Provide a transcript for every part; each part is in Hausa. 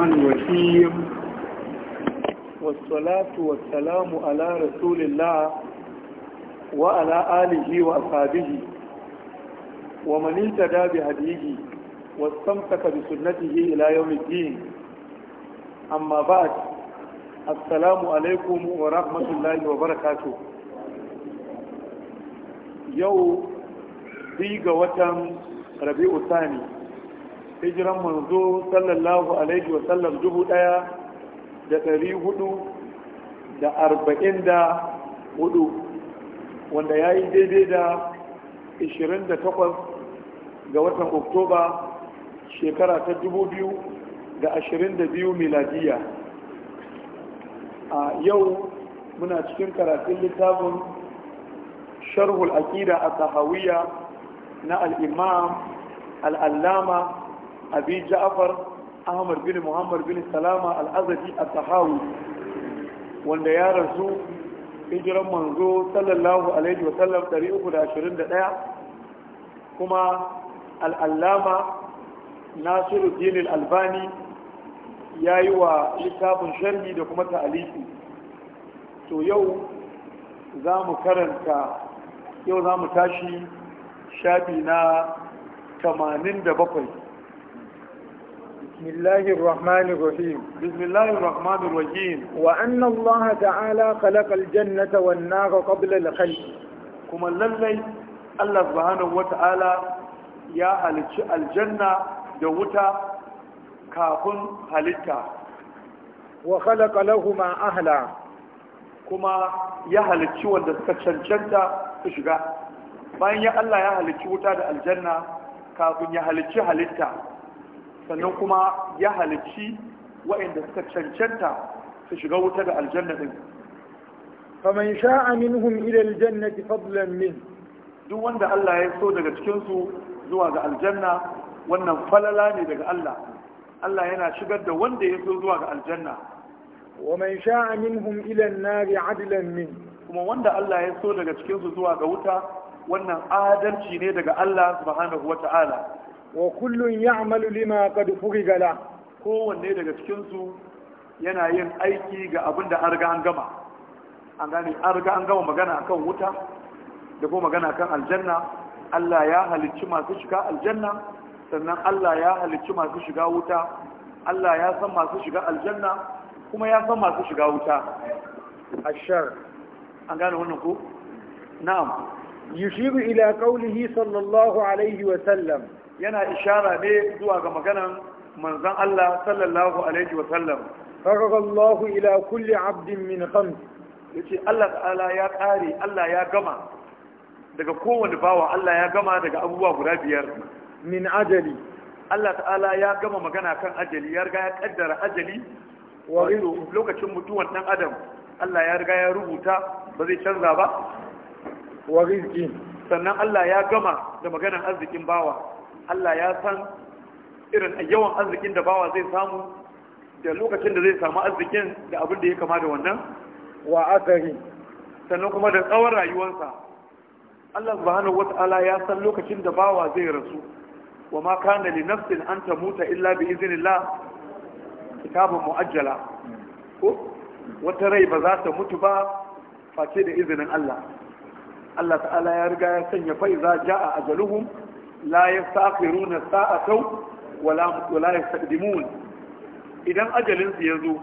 الرحمن الرحيم والصلاة والسلام على رسول الله وعلى آله وأصحابه ومن انتدى بهديه واستمتك بسنته إلى يوم الدين أما بعد السلام عليكم ورحمة الله وبركاته يوم بيغ وتم ربيع ثاني hijiran manzo sallallahu alaihi wasallam dubu daya da dari hudu da arba'in da hudu wanda ya yi daidai da da takwas ga watan oktoba shekara ta dubu biyu ashirin da biyu miladiya a yau muna cikin karatun littafin sharhul aqida a tahawiyya na al'imam al'allama abi ja'far ahmad bin muhammad bin salama al-azadi at wanda ya rasu hijiran manzo sallallahu alaihi wa sallam 321 kuma al-allama nasiruddin al-albani yi wa littafin sharhi da kuma ta'alifi to yau za mu karanta yau za mu tashi shafi na 87 بسم الله الرحمن الرحيم بسم الله الرحمن الرحيم وأن الله تعالى خلق الجنة والنار قبل الخلق كما للي الله سبحانه وتعالى يا الجنة دوتا كافن هلتا وخلق لهما أهلا كما يا هلتشي وانت تشنشنتا تشغى bayan ya Allah ya halicci wuta da aljanna kafin ya halicci halitta sannan kuma ya halicci waɗanda suka cancanta su shiga wuta da aljanna din faman sha'a minhum ila aljannati fadlan min duk wanda Allah ya so daga cikin su zuwa ga aljanna wannan falala ne daga Allah Allah yana shigar da wanda ya so zuwa ga aljanna wa man sha'a minhum ila an-nari 'adlan min kuma wanda Allah ya so daga cikin su zuwa ga wuta wannan adalci ne daga Allah subhanahu wata'ala wa kullun ya'malu lima qad furiga la kowanne daga cikin su yana yin aiki ga abin da an riga an gama an gane an riga an gama magana akan wuta da kuma magana akan aljanna Allah ya halicci masu shiga aljanna sannan Allah ya halicci masu shiga wuta Allah ya san masu shiga aljanna kuma ya san masu shiga wuta ashar an gane wannan ko na'am yushiru ila qawlihi sallallahu alaihi wa sallam yana ishara ne zuwa ga maganan manzan Allah sallallahu alaihi wasallam. sallam Allahu ila kulli abdin min Ya ce Allah ta'ala ya kare Allah ya gama daga kowane bawa Allah ya gama daga abubuwa guda biyar min ajali Allah ta'ala ya gama magana kan ajali ya riga ya ƙaddara ajali wa lokacin mutuwan ɗan adam Allah ya riga ya rubuta ba zai canza ba wa rizki. sannan Allah ya gama da maganar arzikin bawa Allah ya san irin yawan arzikin da bawa zai samu da lokacin da zai samu arzikin da abin da ya kama da wannan wa akari sannan kuma da tsawon rayuwarsa Allah subhanahu wata'ala ya san lokacin da bawa zai rasu wa ma kana li nafsin an tamuta illa bi iznillah kitabun muajjala ko wata rai ba za ta mutu ba face da izinin Allah Allah ta'ala ya riga ya sanya faiza jaa ajaluhum la Sa'a sau wala wala yastaqdimun idan ajalin su yazo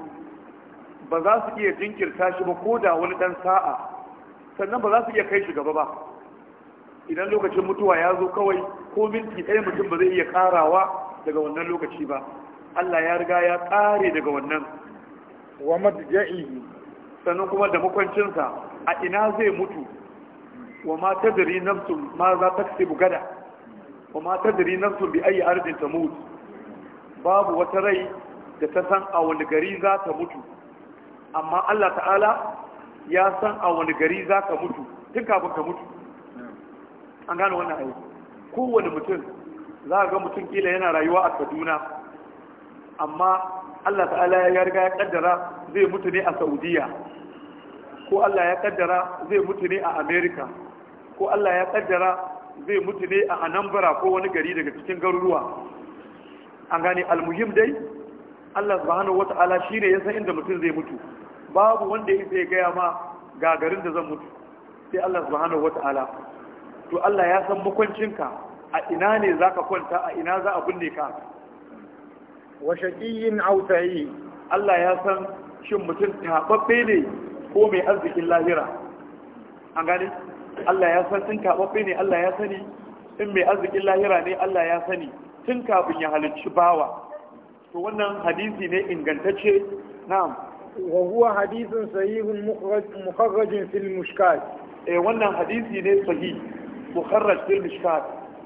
ba za su iya jinkirta shi ba ko da wani dan sa'a sannan ba za su iya kai shi gaba ba idan lokacin mutuwa ya zo kawai ko minti ɗaya mutum ba zai iya karawa daga wannan lokaci ba Allah ya riga ya ƙare daga wannan wa madja'i sannan kuma da makwancinsa a ina zai mutu wa ma tadri nafsun ma za ta gada wa ma tadri nafsun bi ayi ardin tamut babu wata rai da ta san a wani gari za ta mutu amma Allah ta'ala ya san a wani gari za ka mutu tun kafin ka mutu an gane wannan ayi kowane mutum za ga mutum kila yana rayuwa a Kaduna amma Allah ta'ala ya riga ya kaddara zai mutu ne a Saudiya ko Allah ya kaddara zai mutu ne a America ko Allah ya kaddara zai mutu ne a anambra ko wani gari daga cikin garuruwa an gane almuhim dai Allah subhanahu wata'ala shine ya san inda mutum zai mutu babu wanda ya sai gaya ma ga garin da zan mutu sai Allah subhanahu wata'ala to Allah ya san makwancinka a ina ne zaka kwanta a ina za a binne ka wa shaqiyin aw Allah ya san shin mutum tababbe ne ko mai arzikin lahira an gane Allah ya san tun kaɓaɓɓe ne Allah ya sani in mai arzikin lahira ne Allah ya sani tun kafin ya halicci bawa to wannan hadisi ne ingantacce na'am wa huwa hadisin sahihun mukharrajin fil mushkat eh wannan hadisi ne sahih mukharraj fil mushkat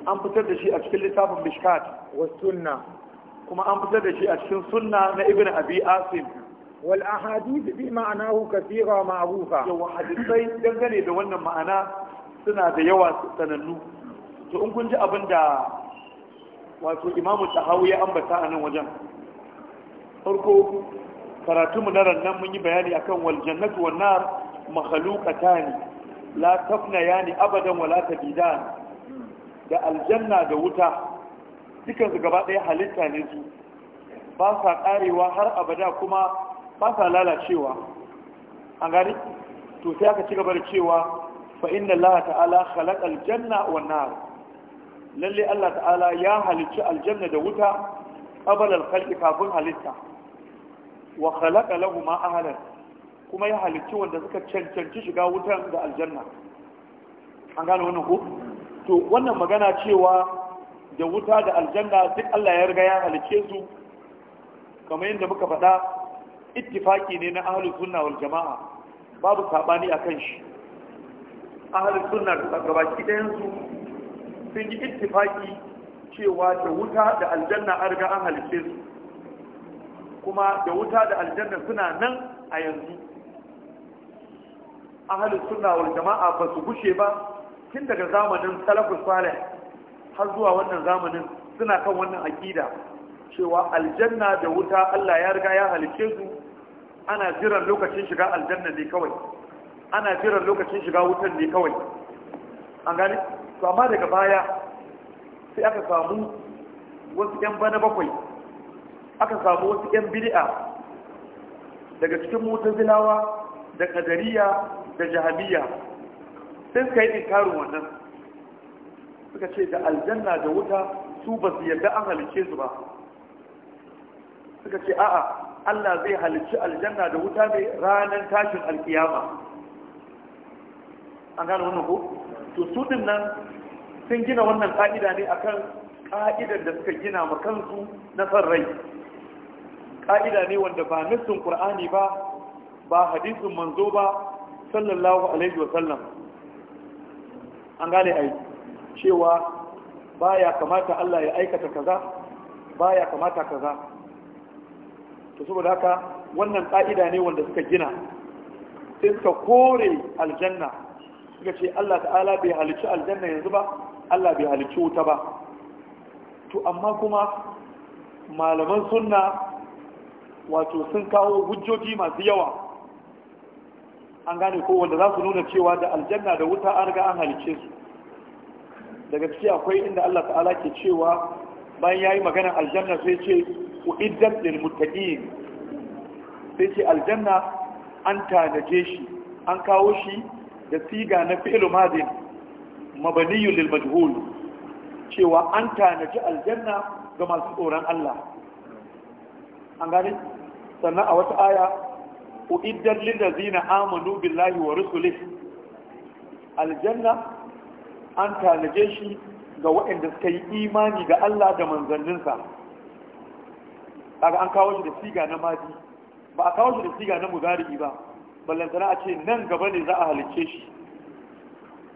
an fitar da shi a cikin littafin mushkat wa sunna kuma an fitar da shi a cikin sunna na ibn abi asim wal ahadith bi ma'anahu kathira ma'rufa yawa hadisai dangane da wannan ma'ana suna da yawa sanannu to in kun ji abin da wato imamu hau ya ambata a nan wajen farko mu na rannan mun yi bayani akan wal jannatu wan nar ne. la tafna yani abadan wala tabidan da aljanna da wuta dukan su gaba ɗaya halitta ne su ba sa karewa har abada kuma ba sa lalacewa an gani to sai aka ci gaba da cewa fa inna Allah ta'ala khalaqa aljanna wan nar lalle Allah ta'ala ya halicci aljanna da wuta qabala alkhalqi kafin halitta wa khalaqa lahumma ahlan kuma ya halicci wanda suka cancanci shiga wutan da aljanna an gane wannan ko to wannan magana cewa da wuta da aljanna duk Allah ya riga ya halice su kamar yadda muka faɗa ittifaki ne na ahlus sunna wal jama'a babu sabani akan shi ahalin sunna da gabaki ɗayansu sun yi ittifaki cewa da wuta da aljanna an riga an halice su kuma da wuta da aljanna suna nan a yanzu ahalin sunna wal jama'a ba su gushe ba tun daga zamanin salafus salih har zuwa wannan zamanin suna kan wannan aƙida cewa aljanna da wuta Allah ya riga ya halice su ana jiran lokacin shiga aljanna ne kawai ana jiran lokacin shiga wutar ne kawai an gani. to amma daga baya sai aka samu wasu 'yan bana bakwai aka samu wasu 'yan bid'a daga cikin mutazilawa da kadariya da jahamiya sai suka yi inkarin wannan suka ce da aljanna da wuta su ba su yarda an halice su ba suka ce a'a Allah zai halicci aljanna da wuta mai ranar tashin alkiyama an gane wannan ko to su din nan sun gina wannan ka'ida ne akan ka'idar da suka gina ma kansu na san rai ka'ida ne wanda ba nassin qur'ani ba ba hadisin manzo ba sallallahu alaihi wa sallam an gane ai cewa baya kamata Allah ya aikata kaza baya kamata kaza to saboda haka wannan ka'ida ne wanda suka gina sai suka kore aljanna suka ce Allah ta'ala bai halicci aljanna yanzu ba Allah bai halicci wuta ba to amma kuma malaman sunna wato sun kawo hujjoji masu yawa an gane ko wanda za su nuna cewa da aljanna da wuta an riga an halicce su daga ciki akwai inda Allah ta'ala ke cewa bayan yayi magana aljanna sai ce ku iddat lil muttaqin sai ce aljanna an tanaje shi an kawo shi da siga na fi'il madin mabaniyu lil majhul cewa an tanaji aljanna ga masu tsoron Allah an gane sannan a wata aya uiddat lil ladzina amanu billahi wa rusulih aljanna an tanaje shi ga waɗanda suka yi imani ga Allah da manzanninsa kaga an kawo shi da siga na madi ba a kawo shi da siga na mudari ba ballantana a ce nan gaba ne za a halicce shi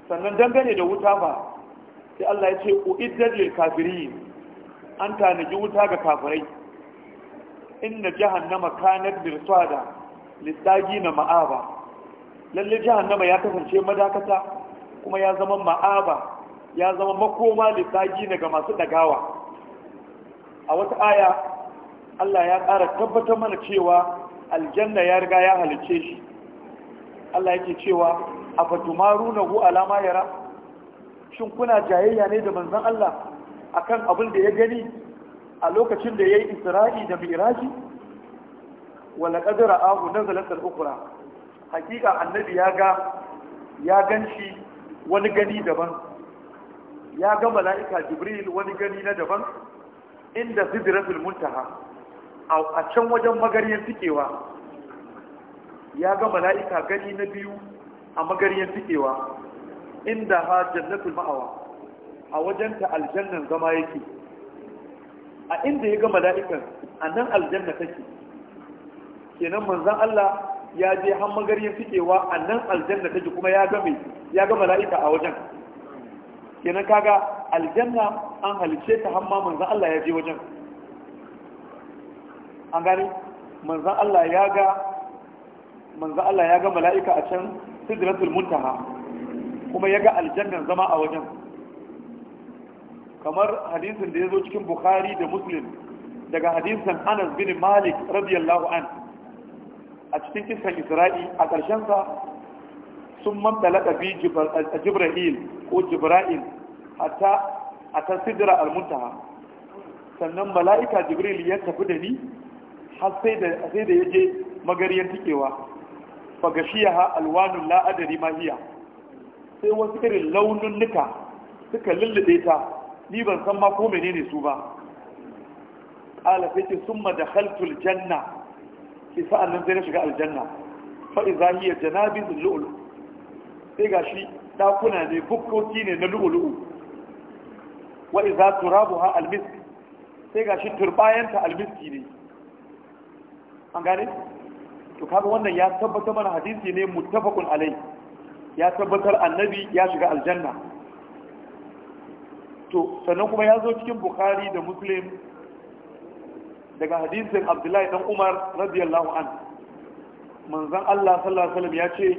sannan dangane da wuta ba sai Allah ya ce uiddat lil kafirin an tanaji wuta ga kafirai inna jahannama kanat mirsada lisagina ma'aba lalle jahannama ya kasance madakata kuma ya zama ma'aba ya zama makoma lisagina ga masu dagawa a wata aya Allah ya ƙara tabbatar mana cewa aljanna ya riga ya halicce shi Allah yake cewa afatumarunahu alama yara shin kuna jayayya ne da manzon Allah akan abin da ya gani a lokacin da ya yi Isra'i da Miraji wala qad ahu nazalat al-ukhra hakika annabi ya ga ya ganshi wani gani daban ya ga mala'ika Jibril wani gani na daban inda sidratul muntaha a can wajen magariyar tikewa ya ga mala'ika gani na biyu a magariyar tikewa inda ha jannatul ma'awa a wajenta aljannan zama yake a inda ya ga mala'ikan a nan aljanna take kenan manzan Allah ya je har magariyar tikewa a nan aljanna take kuma ya ga mai ya ga mala'ika a wajen kenan kaga aljanna an halice ta hamma manzan Allah ya je wajen an gani manzan Allah ya ga manzo Allah ya ga mala'ika a can sidratul muntaha kuma ya ga aljannan zama a wajen kamar hadisin da ya zo cikin bukhari da muslim daga hadisin anas bin malik radiyallahu an a cikin kisan isra'i a ƙarshen sa sun mamtalaka a jibra'il ko jibra'il hatta a ta sidira almuntaha sannan mala'ika jibril ya tafi da ni har sai da ya je magaryar tikewa fa gashiyaha alwanun la adari ma hiya sai wasu irin launin nika suka lullube ta ni ban san ma ko menene su ba qala sai ce summa dakhaltul janna sai sa'an nan sai na shiga aljanna fa idza hiya janabiz lu'lu sai gashi dakuna ne bukkoki ne na lu'lu'u wa idza turabuha almisk sai gashi turbayanta almiski ne an gane to kaga wannan ya tabbata mana hadisi ne muttafaqun alai ya tabbatar annabi ya shiga aljanna to sannan kuma ya zo cikin bukhari da muslim daga hadisin abdullahi dan umar radiyallahu an manzon allah sallallahu alaihi wasallam ya ce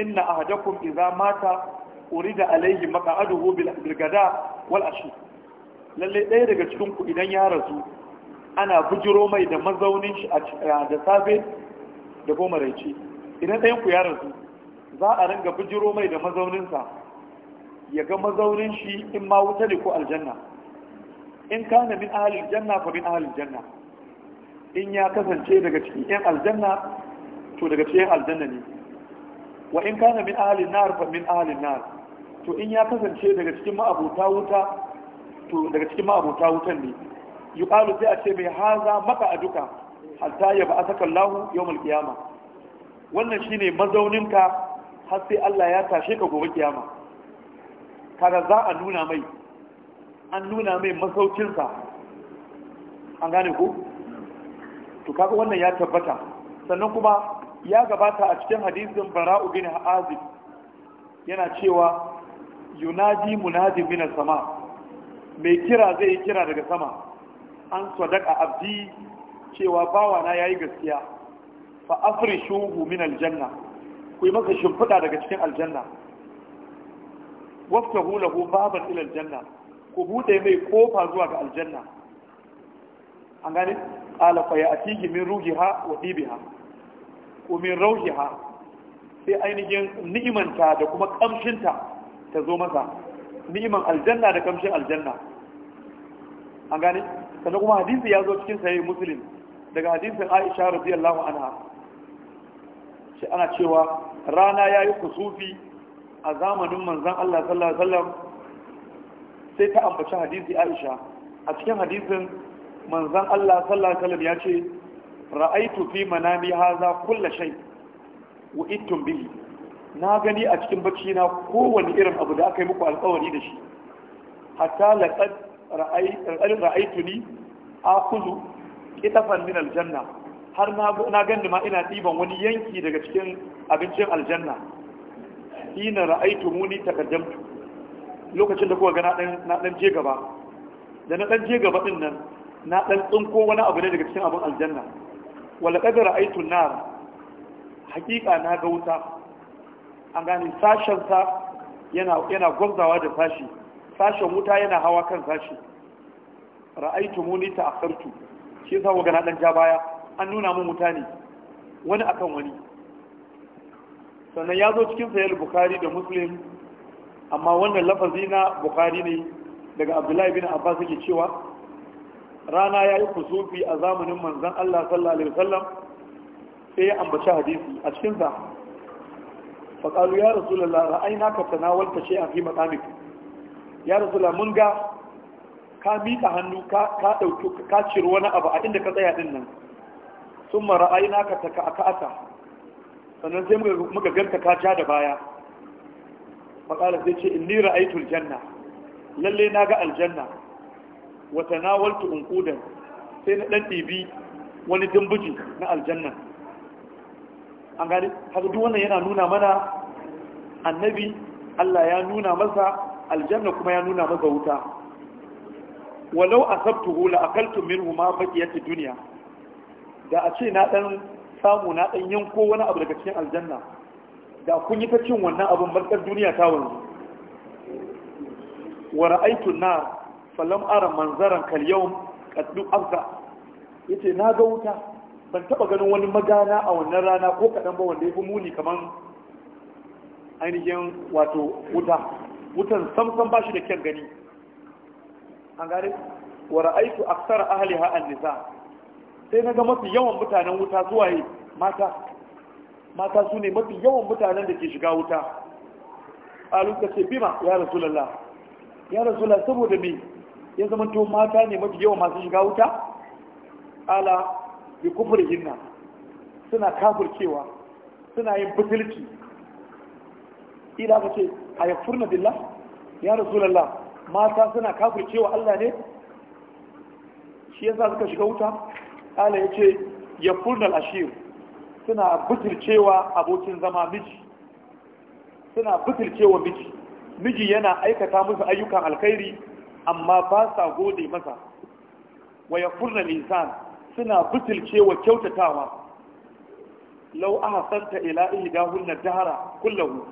inna ahadakum idza mata urida alaihi maq'aduhu bil gada wal ashi lalle ɗaya daga cikin ku idan ya rasu ana bujiro mai da mazaunin shi da safe da goma ce. idan ɗayan ku ya rasu za a ringa bijiro mai da mazauninsa ya ga mazaunin shi in ma wuta ne ko aljanna in na min ahalin janna fa min ahalin janna in ya kasance daga cikin yan aljanna to daga cikin aljanna ne wa in na min ahalin nar fa min ahalin nar to in ya kasance daga cikin ma'abuta wuta to daga cikin ma'abuta wutan ne yuqalu sai a ce mai haza maka aduka hatta ya ba asaka Lahu, yawmal Kiyama, wannan shine mazauninka har sai Allah ya tashe ka gobe kiyama kaga za a nuna mai an nuna mai masaukinsa an gane ku to kaga wannan ya tabbata sannan kuma ya gabata a cikin hadisin bara'u bin azib yana cewa yunadi munadi min sama mai kira zai kira daga sama an sadaka abdi cewa bawana yayi gaskiya fa afrishuhu min aljanna ku yi masa shimfiɗa daga cikin aljanna waftahu lahu baban ila aljanna ku bude mai kofa zuwa ga aljanna an gane qala fa ya'tihi min ruhiha wa dibiha ko min ha sai ainihin ni'imanta da kuma kamshinta ta zo masa ni'iman aljanna da kamshin aljanna an gane sannan kuma hadisi ya zo cikin sahih muslim daga hadisin aisha radiyallahu anha shi ana cewa rana ya yi kusufi a zamanin manzan Allah sallallahu alaihi wasallam sai ta ambaci hadisi aisha a cikin hadisin manzan Allah sallallahu alaihi wasallam ya ce ra'aitu fi manami haza kulla shay wa ittum bihi na gani a cikin bacci na kowane irin abu da aka yi muku alƙawari da shi hatta laqad ra'aytuni akuzu kitafan min aljanna har na na ganin ma ina ɗiban wani yanki daga cikin abincin aljanna ina ra'aitu muni takaddamtu lokacin da kuka ga na dan je gaba da na dan je gaba din nan na dan tsinko wani abu ne daga cikin abin aljanna wala qad ra'aitu nar hakika na ga wuta an gani sashen sa yana yana gwamzawa da sashi sashen wuta yana hawa kan sashi ra'aitu muni ta'akhartu shi yasa wa gana dan ja baya an nuna mu mutane wani akan wani sannan ya zo cikin sayar Bukhari da muslim amma wannan lafazi na Bukhari ne daga abdullahi bin abbas yake cewa rana ya yi kusufi a zamanin Manzon allah sallallahu alaihi wasallam sai ya ambaci hadisi a cikinsa qalu ya rasulullah ra'ayi ka tanawalta shay'an fi makamik ya rasulullah mun ga ka miƙa hannu ka ɗauki ka ciro wani abu a inda ka tsaya din nan sun mara aina ka taka a ka'ata sannan sai muka ganta ka ja da baya faƙalar zai ce in ni ra'aitul janna lalle na ga aljanna wata na waltu unkudan sai na ɗan ɗibi wani dimbuji na aljanna an gani haka duk wannan yana nuna mana annabi Allah ya nuna masa aljanna kuma ya nuna masa wuta walau hula la akaltu minhu ma baqiyati duniya, da a ce na dan samu na dan yanko wani abu daga cikin aljanna da kun yi ta cin wannan abun barkar duniya ta wanzu wa ra'aytu nar falam ara manzaran kal yawm qaddu afza yace na ga wuta ban taba ganin wani magana a wannan rana ko kadan ba wanda yafi muni kaman ainihin wato wuta wutan samsam shi da kyan gani an gane wa ra'aitu aksara ha an-nisa sai naga mafi yawan mutanen wuta zuwa yi mata mata su ne mafi yawan mutanen da ke shiga wuta alu ta ce bima ya rasulullah ya rasulullah saboda me ya zama to mata ne mafi yawan masu shiga wuta ala bi hinna suna kafurcewa suna yin butulci ila ka ce a furna billah ya rasulullah mata suna kafircewa Allah ne shi yasa suka shiga wuta Allah ya ce ya furnal ashir suna butulcewa abokin zama miji suna cewa miji miji yana aikata musu ayyukan alkhairi amma ba sa gode masa wa ya furnal insan suna cewa kyautatawa lau ahsanta ila ihdahunna dahara kullahu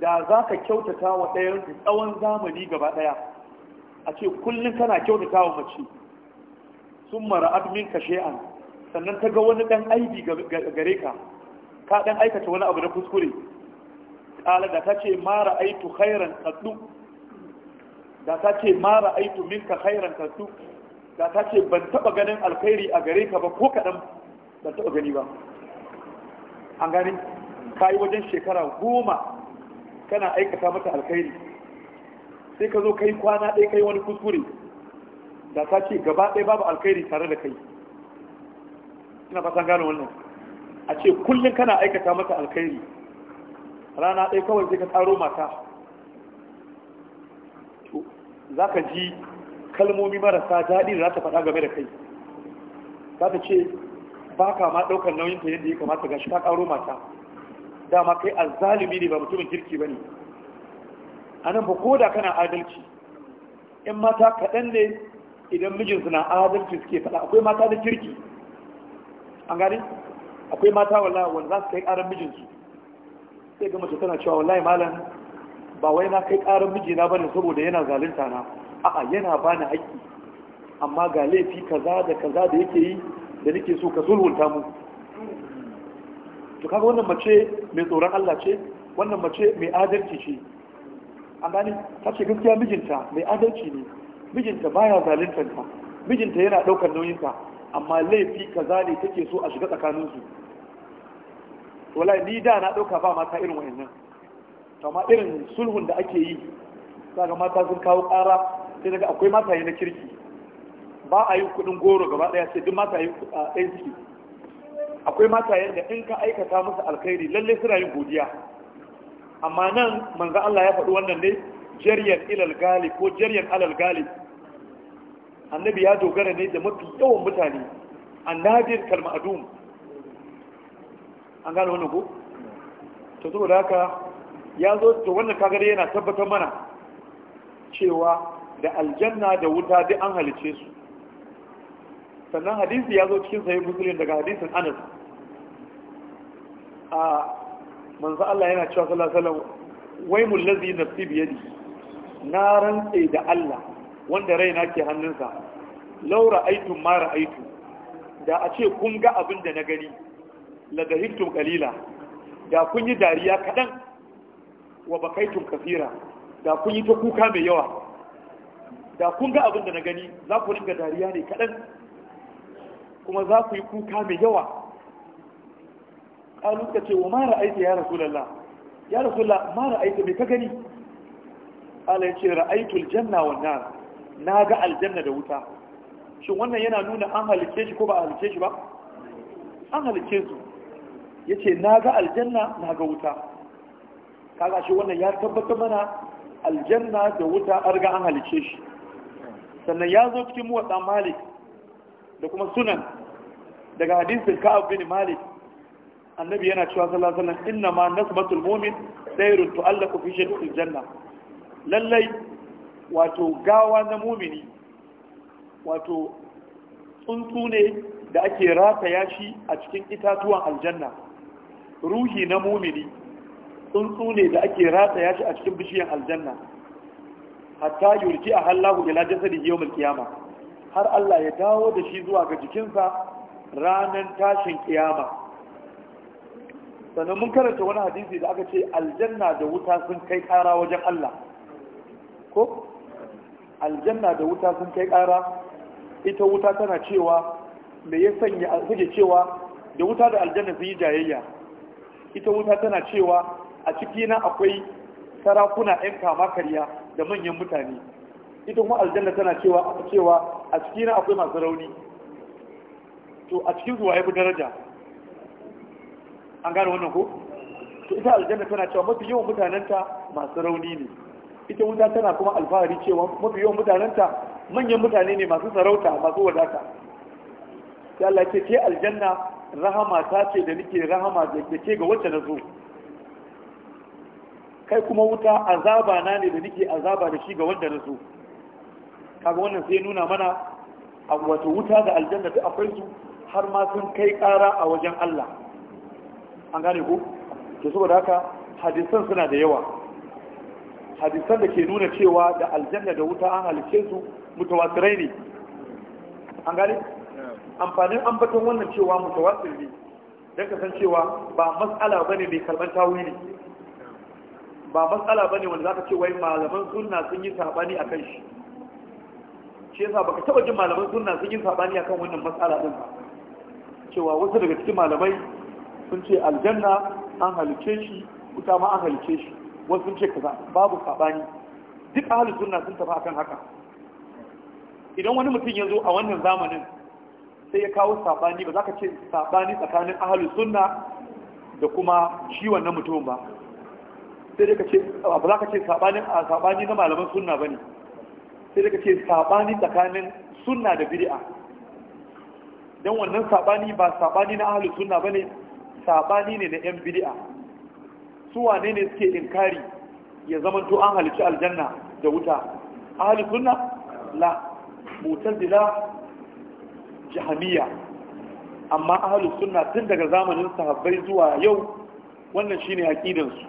da za ka kyautata wa ɗayansu tsawon zamani gaba ɗaya a ce kullum kana kyautata wa mace sun mara admin kashe an. sannan ta ga wani ɗan aibi gare ka ka ɗan aikata wani abu na kuskure ƙala da ta ce mara aitu hairan tattu da ta ce mara aitu minka hairan tattu da ta ce ban taɓa ganin alkhairi a gare ka ba ko kaɗan ban taɓa gani ba an gani ka yi wajen shekara goma kana aikata mata alkhairi sai ka zo kai kwana ɗaya kai wani kuskure da ta ce gaba ɗaya babu alkhairi tare da kai ina fatan gano wannan a ce kullum kana aikata mata alkhairi rana ɗaya kawai sai ka tsaro mata za ka ji kalmomi marasa daɗi da za ta faɗa game da kai za ta ce ba ka ma ɗaukar nauyin ta yadda ya kamata ga shi ka ƙaro mata dama kai azzalimi ne ba mutumin kirki ba ne a nan ba ko da kana adalci in mata kaɗan ne idan mijinsu na adalci suke faɗa akwai mata da kirki an gani akwai mata wallahi wanda za su kai ƙarar mijinsu sai ga mace tana cewa wallahi malam ba wai na kai ƙarar mijina bane saboda yana zalunta na a'a yana bani haƙƙi amma ga laifi kaza da kaza da yake yi da nake so ka sulhunta mu to kaga wannan mace mai tsoron Allah ce wannan mace mai adalci ce an gani ta ce gaskiya mijinta mai adalci ne mijinta baya zaluntar ta mijinta yana daukar ta amma laifi kaza ne take so a shiga tsakanin su wallahi ni da na dauka ba mata irin wayannan amma irin sulhun da ake yi kaga mata sun kawo ƙara sai daga akwai mataye na kirki ba a yi kuɗin goro gaba daya sai duk mataye ɗaya suke akwai matayen da in ka aikata musu alkhairi lalle suna yin godiya amma nan manzo Allah ya faɗi wannan ne jaryan ilal gali ko jaryan alal gali. annabi ya dogara ne da mafi yawan mutane annadir adum an gane wannan ko to saboda haka ya zo to wannan kagare yana tabbatar mana cewa da aljanna da wuta duk an halice su sannan hadisi ya zo cikin sahih muslim daga hadisin anas a manzo Allah yana cewa sallallahu alaihi wasallam waimul ladzi nafsi bi yadi na rantsa da Allah wanda raina ke hannunsa laura aitu ma aitu. da a ce kun ga abin da na gani la dahibtum qalila da kun yi dariya kadan wa Bakaitun kafira da kun yi ta kuka mai yawa da kun ga abin da na gani za ku ringa dariya ne kadan kuma za ku yi kuka mai yawa kalu ka ce wa ma ra'aita ya lalla, ya lalla ma ra'aita me ka gani ala ya ce ra'aitul janna wannan, na ga aljanna da wuta shin wannan yana nuna an halice shi ko ba a halice shi ba an halice su yace na ga aljanna na ga wuta kaga shi wannan ya tabbata mana aljanna da wuta an riga an halice shi sannan ya zo cikin muwatsa malik da kuma sunan daga hadisin ka'ab bin malik annabi yana cewa sallallahu alaihi inna ma nasbatul mu'min sayrun tu'allaqu fi shadidil janna lallai wato gawa na mumini wato tsuntsu ne da ake rataya shi a cikin itatuwan aljanna ruhi na mumini tsuntsu ne da ake rataya shi a cikin bishiyar aljanna hatta yurji a hallahu ila jasadi yawmul kiyama har Allah ya dawo da shi zuwa ga jikinsa ranar tashin kiyama sannan mun karanta wani hadisi da aka ce aljanna da wuta sun kai kara wajen Allah ko aljanna da wuta sun kai kara ita wuta tana cewa me ya sanya suke cewa da wuta da aljanna sun yi jayayya ita wuta tana cewa a ciki na akwai sarakuna 'yan kama karya da manyan mutane ita kuma aljanna tana cewa cewa a ciki na akwai masu rauni to a cikin zuwa ya fi daraja an gane wannan ko to ita aljanna tana cewa mafi yawan mutanenta masu rauni ne ita wuta tana kuma alfahari cewa mafi yawan mutanenta manyan mutane ne masu sarauta masu wadata sai Allah ce ke aljanna rahama ta ce da nake rahama da ke ga wacce na zo kai kuma wuta azaba na ne da nake azaba da shi ga wanda na zo. kaga wannan sai nuna mana a wato wuta da aljanna duk akwai su har ma sun kai ƙara a wajen Allah an gane ku to saboda haka hadisan suna da yawa hadisan da ke nuna cewa da aljanna da wuta an halice su mutawatirai ne an gane amfanin ambaton wannan cewa mutawatir ne don kasancewa ba matsala bane mai karban tawili ba matsala bane wanda zaka ce wai malaman sunna sun yi sabani akan shi shi yasa baka taba jin malaman sunna sun yi sabani akan wannan matsala din ba cewa wasu daga cikin malamai sun ce aljanna an halice shi kuta ma an halice shi wasu sun ce kaza babu sabani duk ahlus sunna sun tafi akan haka idan wani mutum ya zo a wannan zamanin sai ya kawo sabani ba za ka ce sabani tsakanin ahlus sunna da kuma shi wannan mutum ba sai dai ka ce ba za ka ce sabani a sabani na malaman sunna bane sai dai ka ce sabani tsakanin sunna da bid'a dan wannan sabani ba sabani na ahlus sunna bane sabani ne na yan bid'a su wane ne suke inkari ya zama to an halicci aljanna da wuta ahli sunna la mutazila jahamiya amma ahli sunna tun daga zamanin sahabbai zuwa yau wannan shine aqidan su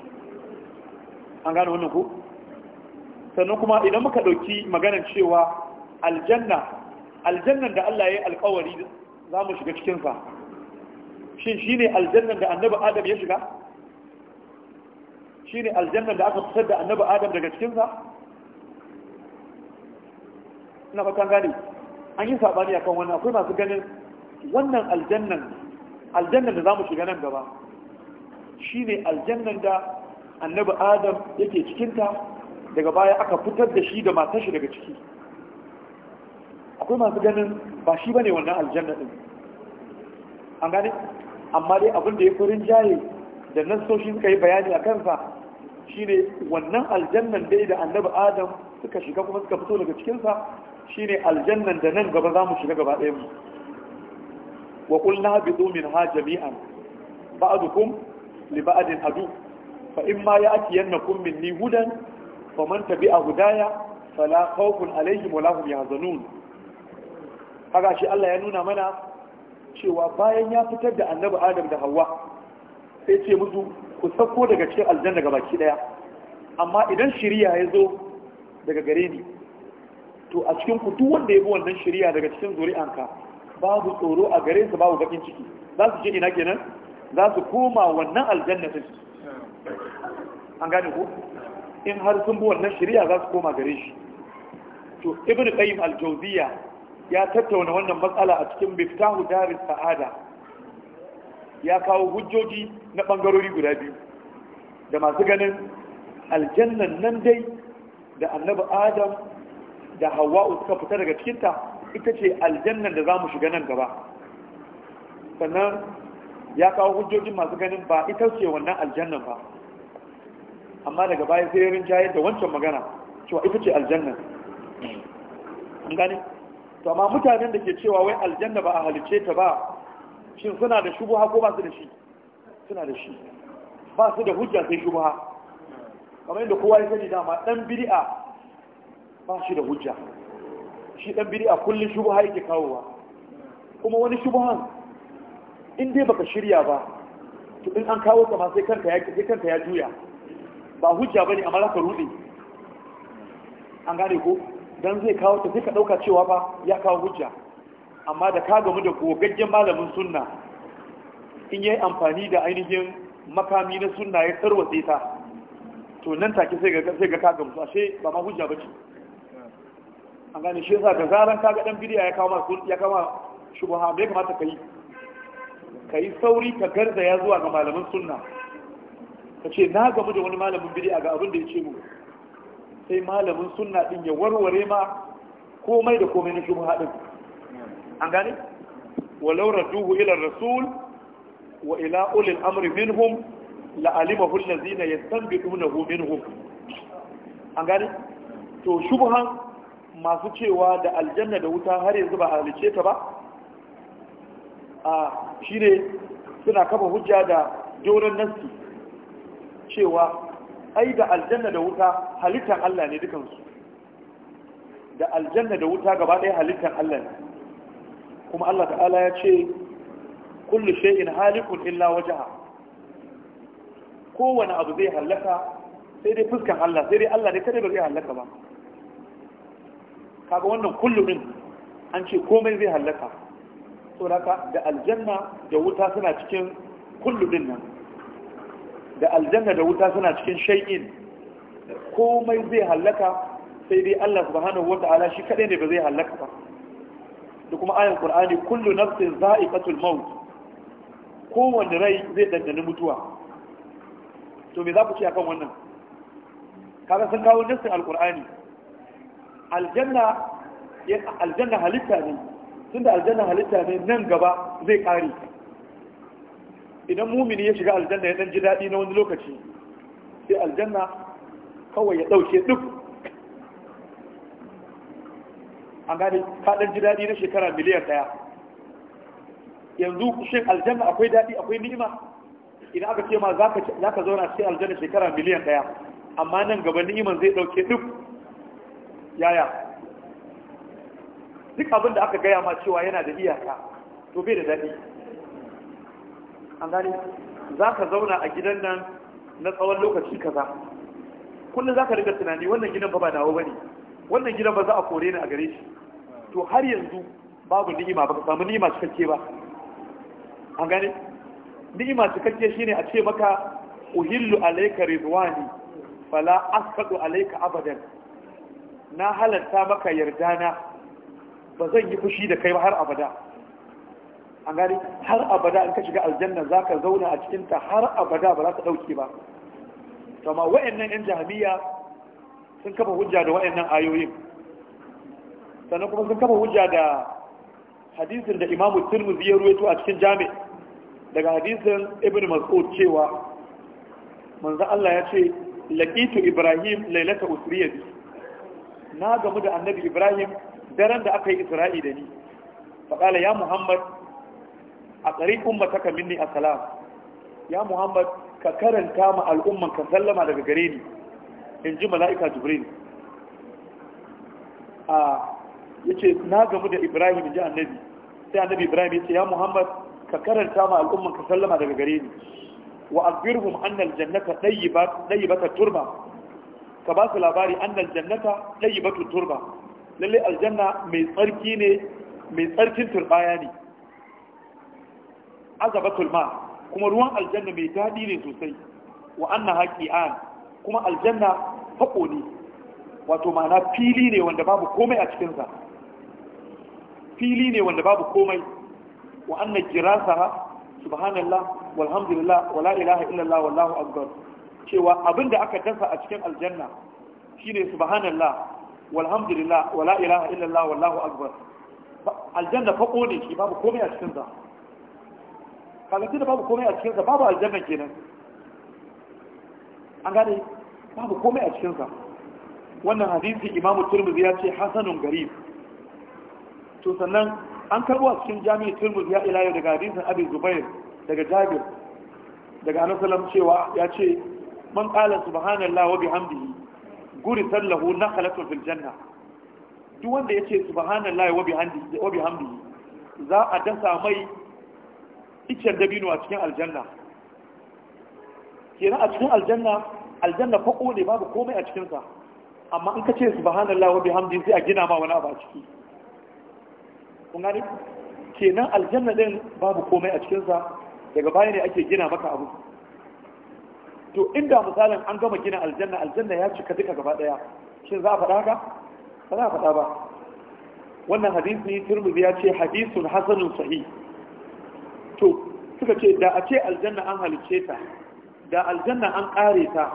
an gane wannan ko sannan kuma idan muka ɗauki maganar cewa aljanna aljannan da Allah ya yi alkawari za mu shiga cikinsa shin ne aljannan da annabi adam ya shiga Shi ne aljannan da aka fitar da annabi adam daga cikinsa ina fatan gane an yi sabani kan wannan akwai masu ganin wannan aljannan aljannan da za mu shiga nan gaba Shi ne aljannan da annabi adam yake cikinta daga baya aka fitar da shi da matashi shi daga ciki akwai masu ganin ba shi bane wannan aljanna din an gane amma dai abin da ya kurin jaye da nassoshi suka yi bayani a kansa shine wannan aljannan dai da annabi adam suka shiga kuma suka fito daga cikinsa shine aljannan da nan gaba za mu shiga gaba ɗaya mu wa qulna bidu ha jami'an ba'dukum li adu fa imma ya'tiyannakum minni hudan faman tabi'a hudaya fala khawfun alaihim wala ya yahzanun Haka shi Allah ya nuna mana cewa bayan ya fitar da annabi adam da hawa sai ce musu ku sauko daga cikin aljanna ga baki daya amma idan shari'a ya zo daga gare ni to a cikin ku duk wanda ya bi wannan shari'a daga cikin zuri'anka babu tsoro a gare su babu bakin ciki za su je ina kenan za su koma wannan aljanna din an gane ku in har sun bi wannan shari'a za su koma gare shi to ibnu qayyim al-jawziyya ya tattauna wannan matsala a cikin miftahu darin sa'ada ya kawo hujjoji na ɓangarori guda biyu da masu ganin aljannan nan dai da annabi adam da hawa'u suka fita daga cikinta ita ce aljannan da za mu shiga nan gaba sannan ya kawo hujjoji masu ganin ba ita ce wannan aljannan ba amma daga baya sai rinjaye da wancan magana cewa ita ce aljannan an gani to amma mutanen da ke cewa wai aljanna ba a halice ta ba shin suna da shubuha ko ba su da shi suna da shi ba su da hujja sai shubuha kamar yadda kowa ya sani dama dan bid'a ba shi da hujja shi dan bid'a kullun shubuha yake kawowa kuma wani shubuhan in dai baka shirya ba to in an kawo ka ma sai kanka ya sai kanka ya juya ba hujja bane amma ka rude an gane ko dan zai kawo ta duka ɗauka cewa ba ya kawo hujja amma da ka gamu da gogaggen malamin sunna in yi amfani da ainihin makami na sunna ya tarwatse ta to nan take sai ga ka to ashe ba ma hujja bace an gane shi yasa da zaran ka ga dan bidiya ya kawo ya kawo shubha me kamata kai kai sauri ka garza ya zuwa ga malamin sunna kace na gamu da wani malamin bidiya ga abin da ya ce mu sai malamin sunna din ya warware ma komai da komai na shubha din an gane walau raduhu ila rasul wa ila ulil amri minhum la alimahu allazina yastanbitunahu minhum an gane to shubhan masu cewa da aljanna da wuta har yanzu ba halice ta ba a shine suna kafa hujja da doron nassi cewa ai da aljanna da wuta halittar Allah ne dukansu da aljanna da wuta gaba ɗaya halittar Allah ne kuma Allah ta'ala ya ce kullu shay'in halikun illa wajha kowane abu zai halaka sai dai fuskan Allah sai dai Allah ne kada ba zai halaka ba kaga wannan kullu din an ce komai zai halaka saboda da aljanna da wuta suna cikin kullu din nan da aljanna da wuta suna cikin shay'in komai zai halaka sai dai Allah subhanahu wata'ala shi kadai ne ba zai halaka ba da kuma ayan Qur'ani kullu nafsin za'iqatul maut kowanne rai zai dandana mutuwa to me za ku ce akan wannan kaga sun kawo nassin alqur'ani aljanna aljanna halitta ne tunda aljanna halitta ne nan gaba zai kare idan mumini ya shiga aljanna ya dan ji daɗi na wani lokaci sai aljanna kawai ya ɗauke duk an gane ka dan ji daɗi na shekara miliyan ɗaya yanzu shin aljanna akwai daɗi akwai ni'ima idan aka ce ma za ka zauna sai aljanna shekara miliyan ɗaya amma nan gaba ni'iman zai ɗauke duk yaya duk abin da aka gaya ma cewa yana da iyaka to bai da daɗi an gane za ka zauna a gidan nan na tsawon lokaci kaza kullum za ka riga tunani wannan gidan ba ba dawo ba ne wannan gidan ba za a kore ni a gare shi to har yanzu babu ni'ima ba ka samu ni'ima cikakke ba an gane ni'ima cikakke shine a ce maka uhillu alayka ridwani fala asqatu alayka abadan na halatta maka yardana ba zan yi fushi da kai ba har abada an har abada in ka shiga aljanna za ka zauna a cikinta har abada ba za ka ɗauke ba kama wa'annan 'yan jami'a sun kafa hujja da wa'annan ayoyin sannan kuma sun kafa hujja da hadisin da imamu tirmidhi ya ruwaito a cikin jami daga hadisin ibn mas'ud cewa manzo Allah ya ce laqitu ibrahim lailata usriyati na gamu da annabi ibrahim daren da aka yi isra'i da ni faqala ya muhammad a tsari ummataka minni assalam ya muhammad ka karanta ma al'umman ka sallama daga gare ni in ji mala'ika jibril a yace na gamu da ibrahim in ji annabi sai annabi ibrahim ya ce ya muhammad ka karanta ma al'umman ka sallama daga gare ni wa akhbirhum anna aljannata tayyibat tayyibata turba ka ba su labari anna aljannata tayyibatu turba lallai aljanna mai tsarki ne mai tsarkin turbaya ne azabatul ma kuma ruwan aljanna mai daɗi ne sosai wa anna an, kuma aljanna fako ne wato ma'ana fili ne wanda babu komai a cikinsa. fili ne wanda babu komai wa anna jirasaha subhanallah walhamdulillah wala ilaha illallah wallahu akbar cewa abinda aka dasa a cikin aljanna shine subhanallah walhamdulillah wala ilaha illallah wallahu akbar aljanna fako ne shi babu komai a cikin sa kaga da babu komai a cikinsa babu aljanna kenan an gane babu komai a cikinsa wannan hadisi imamu turmuz ya ce hasanun gari to sannan an karbo a cikin jami'in turmuz ya ilayo daga hadisin abin zubair daga jabir daga anasalam cewa ya ce man kala subhanallah wa bihamdihi guri sallahu na halattun fil janna duk wanda ya ce subhanallah wa bihamdihi za a dasa mai ikiyar dabino a cikin aljanna kenan a cikin aljanna aljanna fako ne babu komai a cikinsa amma in ka ce subhanallah wa bihamdi sai a gina ma wani abu a ciki kun gane kenan aljanna din babu komai a cikinsa daga baya ne ake gina maka abu to inda misalin an gama gina aljanna aljanna ya cika duka gaba daya shin za a faɗa ka ba za a faɗa ba wannan hadisi turmuzi ya ce hadisun hasanun sahih to suka ce da a ce aljanna an halice ta da aljanna an kare ta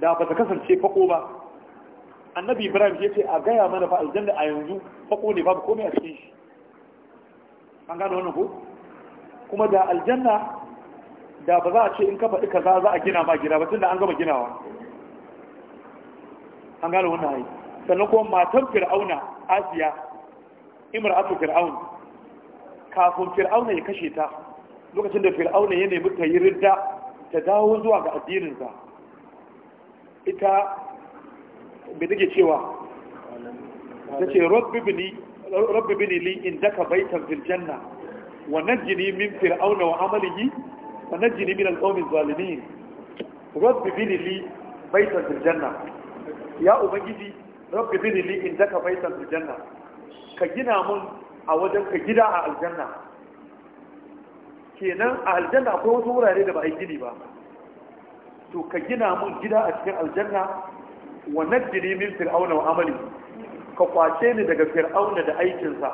da ba ta kasance fako ba annabi ibrahim ya ce a gaya mana fa aljanna a yanzu fako ne babu komai a cikin shi an gano wannan ko kuma da aljanna da ba za a ce in ka faɗi kaza za a gina ma gida ba tunda an gama ginawa an gano wannan hayi sannan kuma matan fir'auna asiya imra'atu fir'aun kafin fir'auna ya kashe ta lokacin da fir'auna ya nemi ta yi ridda ta dawo zuwa ga addininsa ita bai take cewa ta ce rabbi bini li in daka baitan fil janna wa najjini min fir'auna wa amalihi wa najjini min alqawmi zalimin rabbi bini li baitan fil janna ya ubangiji rabbi bini li in daka baitan fil janna ka gina mun a wajen ka gida a aljanna kenan a aljanna akwai wasu wurare da ba a yi gini ba to ka gina mun gida a cikin aljanna wa najjini min fir'auna wa amali ka kwace ni daga fir'auna da aikinsa